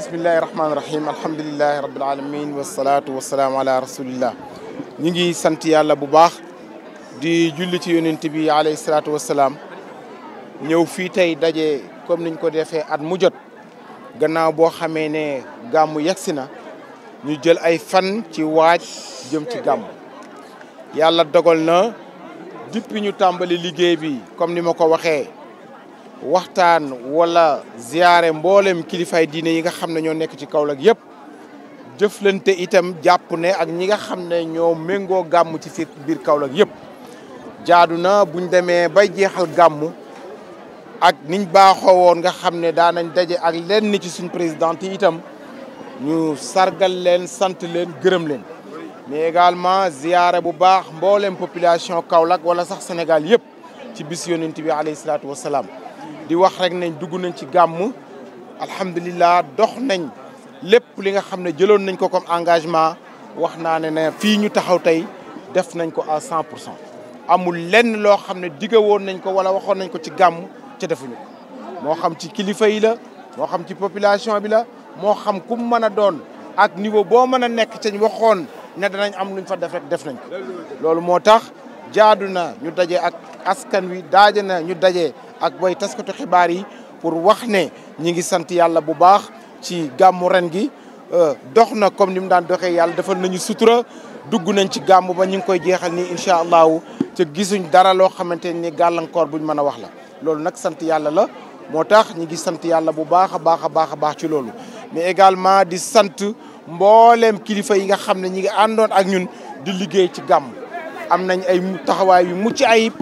bismillahi rahmaani rahim alhamdulilahi rabil alamin wasalaatu wasalaamu ala rasulillah ñu ngi sant yàlla bu baax di julli ci yonent bi alayhi salaatu wasalaam ñëw fii tey daje comme niñ ko defee at mu jot gannaaw boo xamee ne gàmm yegsi na ñu jël ay fan ci waaj jëm ci gàmm yàlla dogal na depuis ñu tàmbali liggéey bi comme ni ma ko waxee waxtaan wala ziyaare mboolem kilifaay diine yi nga xam ne ñoo nekk ci Kaolack yëpp jëflante itam jàpp ne ak ñi nga xam ne ñoo méngoo gàmm ci fi biir Kaolack yëpp jaadu na bu ñu demee bay jeexal gàmm ak niñ baaxoo woon nga xam ne daanañ daje ak lenn ci suñ président yi itam ñu sargal leen sant leen gërëm leen mais également ziyaare bu baax mboolem population Kaolack wala sax Sénégal yëpp ci bis yonent bi alayhi salaatu wasalaam di wax rek nañ dugg nañ ci gàmm alhamdulilah dox nañ lépp li nga xam ne jëloon nañ ko comme engagement wax naa ne ne fii ñu taxaw tey def nañ ko à cent pour cent amul lenn loo xam ne digga woon nañ ko wala waxoon nañ ko ci gàmm ci defuñu moo xam ci kilifa yi la moo xam ci population bi la moo xam ku mën a doon ak niveau boo mën a nekk ca waxoon ne danañ am luñ fa def rek def nañ ko loolu moo tax jaadu ñu daje ak askan wi daaje ñu daje ak way taskatu xibaar yi pour wax ne ñi ngi sant yàlla bu baax ci gàmmu ren gi euh, dox na comme ni mu daan doxee yàlla defal nañu sutura dugg nañ ci gàmm ba ñu ngi koy jeexal nii incha allahu te gisuñ dara loo xamante ni gàllankoor buñ mën a wax la loolu nag sant yàlla la moo tax ñi ngi sant yàlla bu baax a baax a baax a baax ci loolu mais également di sant mbooleem kilifa yi nga xam ne ñi ngi àndoon ak ñun di liggéey ci gàmm am nañ ay taxawaay yu mucc ayib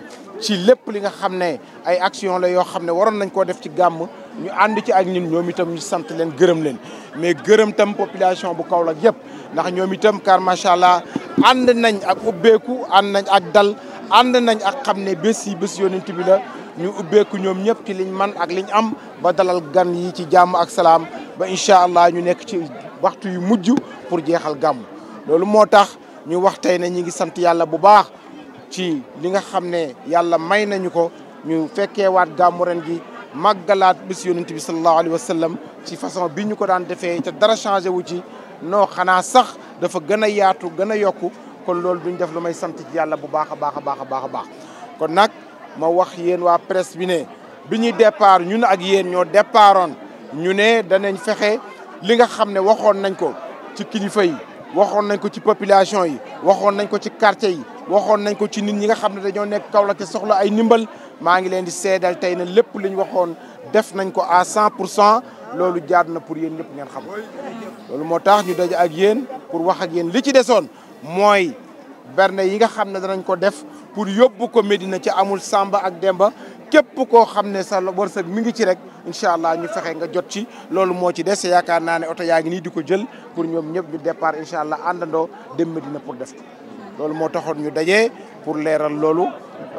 ci lépp li nga xam ne ay action la yoo xam ne waroon nañ koo def ci gàmm ñu ànd ci ak ñun ñoom itam ñu sant leen gërëm leen mais gërëm tam population bu Kaolack yëpp ndax ñoom itam kaar macha allah ànd nañ ak ubbeeku ànd nañ ak dal ànd nañ ak xam ne bés yi bés yonent bi la ñu ubbeeku ñoom ñëpp ci liñ man ak liñ am ba dalal gan yi ci jàmm ak salaam ba incha allah ñu nekk ci waxtu yi mujj pour jeexal gàmm loolu moo tax ñu wax tey ne ñu ngi sant yàlla bu baax ci li nga xam ne yàlla may nañu ko ñu fekkeewaat gàmmu ren gi màggalaat bis yonent bi sallallahu alayhi wa ci façon bi ñu ko daan defee ca dara changé wu ci non xanaa sax dafa gën a yaatu gën a yokku kon loolu duñ def lu may sant ci yàlla bu baax a baax a baax a baax a baax kon nag ma wax yéen waa presse bi ne bi ñuy départ ñun ak yéen ñoo départoon ñu ne danañ fexe li nga xam ne waxoon nañ ko ci kilifa yi waxoon nañ ko ci population yi waxoon nañ ko ci quartier yi waxoon nañ ko ci nit ñi nga xam ne dañoo nekk Kaolack soxla ay nimbal maa ngi leen di seedal tey na lépp li ñu waxoon def nañ ko à cent pour cent loolu jaar na pour yéen ñëpp ngeen xam loolu moo tax ñu daje ak yéen pour wax ak yéen li ci desoon mooy berne yi nga xam ne danañ ko def pour yóbbu ko Médina ci amul Samba ak Demba képp koo xam ne sa wërsëg mi ngi ci rek incha allah ñu fexe nga jot ci loolu moo ci des yaakaar naa ne oto yaa ngi nii di ko jël pour ñoom ñëpp ñu départ incha allah àndandoo dem Médina pour def ko loolu moo taxoon ñu daje pour leeral loolu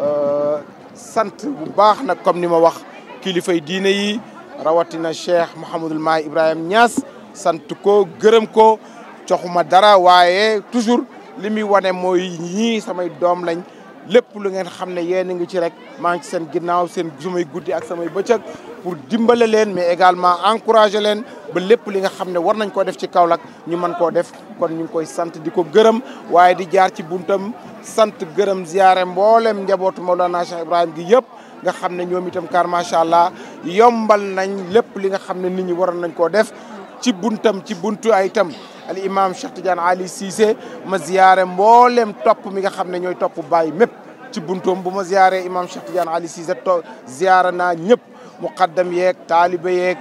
euh, sant bu baax nag comme ni ma wax kilifay diine yi rawatina Cheikh Mouhamadul Mahi ibrahim ñaas sant ko gërëm ko joxuma dara waaye toujours li muy wane mooy ñii samay doom lañ lépp lu ngeen xam ne yéen a ngi ci rek maa ngi seen ginnaaw seen sumay guddi ak samay bëccëg pour dimbale leen mais également encourager leen ba lépp li nga xam ne war nañ koo def ci Kaolack ñu mën koo def kon ñu ngi koy sant di ko gërëm waaye di jaar ci buntam sant gërëm ziyaare mboolem njabootu Maulana Cheikh Ibrahima gi yëpp nga xam ne ñoom itam kar macha allah yombal nañ lépp li nga xam ne nit ñi waroon nañ koo def ci buntam ci buntu ay itam al imam Cheikh Tidiane Ali Cissé ma ziyaare mboolem topp mi nga xam ne ñooy topp bàyyi mépp ci buntoom bu ma ziyaare imam Cheikh Tidiane Ali Cissé to ziyaara naa ñëpp muqaddam yeeg taalibe yeeg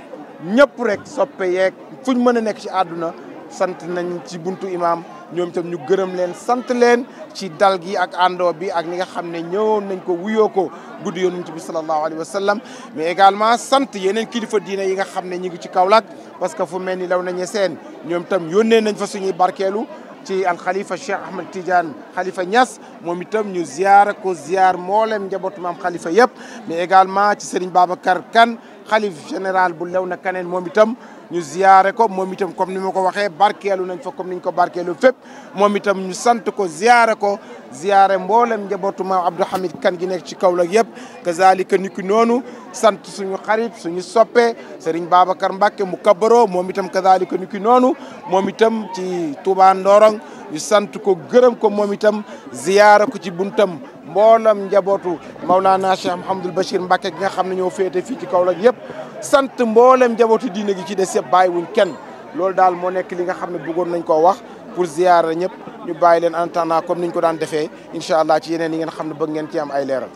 ñëpp rek soppe yeeg fuñ mën a nekk ci àdduna sant nañ ci buntu imam ñoom itam ñu gërëm leen sant leen ci dal gi ak àndoo bi ak ni nga xam ne ñëwoon nañ ko wuyoo ko guddi yonent bi sallallahu alayhi wa sallam mais également sant yeneen kilifa diine yi nga xam ne ñu ngi ci Kaolack parce que fu mel ni law nañu seen ñoom itam yónnee nañ fa suñuy barkeelu ci al xalifa Cheikh Ahmed Tidiane xalifa Niass moom itam ñu ziar ko ziar mboolem njabootu maam xalifa yëpp mais également ci Serigne Babacar Kane xalif général bu lew na kaneen moom itam ñu ziyaare ko moom itam comme ni ma ko waxee barkeelu nañ fa comme niñ ko barkeelu fépp moom itam ñu sant ko ziyaare ko ziyaare mboolem njabootu maam Abdou Hamid Kane gi nekk ci Kaolack yëpp kazalika ni ki noonu sant suñu xarit suñu soppe Serigne Babacar mbakke mu kabaro moom itam kazalika ni ki noonu moom itam ci Touba Ndorong ñu sant ko gërëm ko moom itam ziyaara ko ci buntam mboolam njabootu Maulana Cheikh Mouhamadul Bachir Mbacke gi nga xam ne ñoo féete fii ci Kaolack yëpp sant mboolem njabootu diine gi ci des yëpp bàyyiwuñ kenn loolu daal moo nekk li nga xam ne bëggoon nañ koo wax pour ziyaara ñëpp ñu bàyyi leen en attendant comme niñ ko daan defee incha allah ci yeneen yi ngeen xam ne bëgg ngeen ci am ay leeral.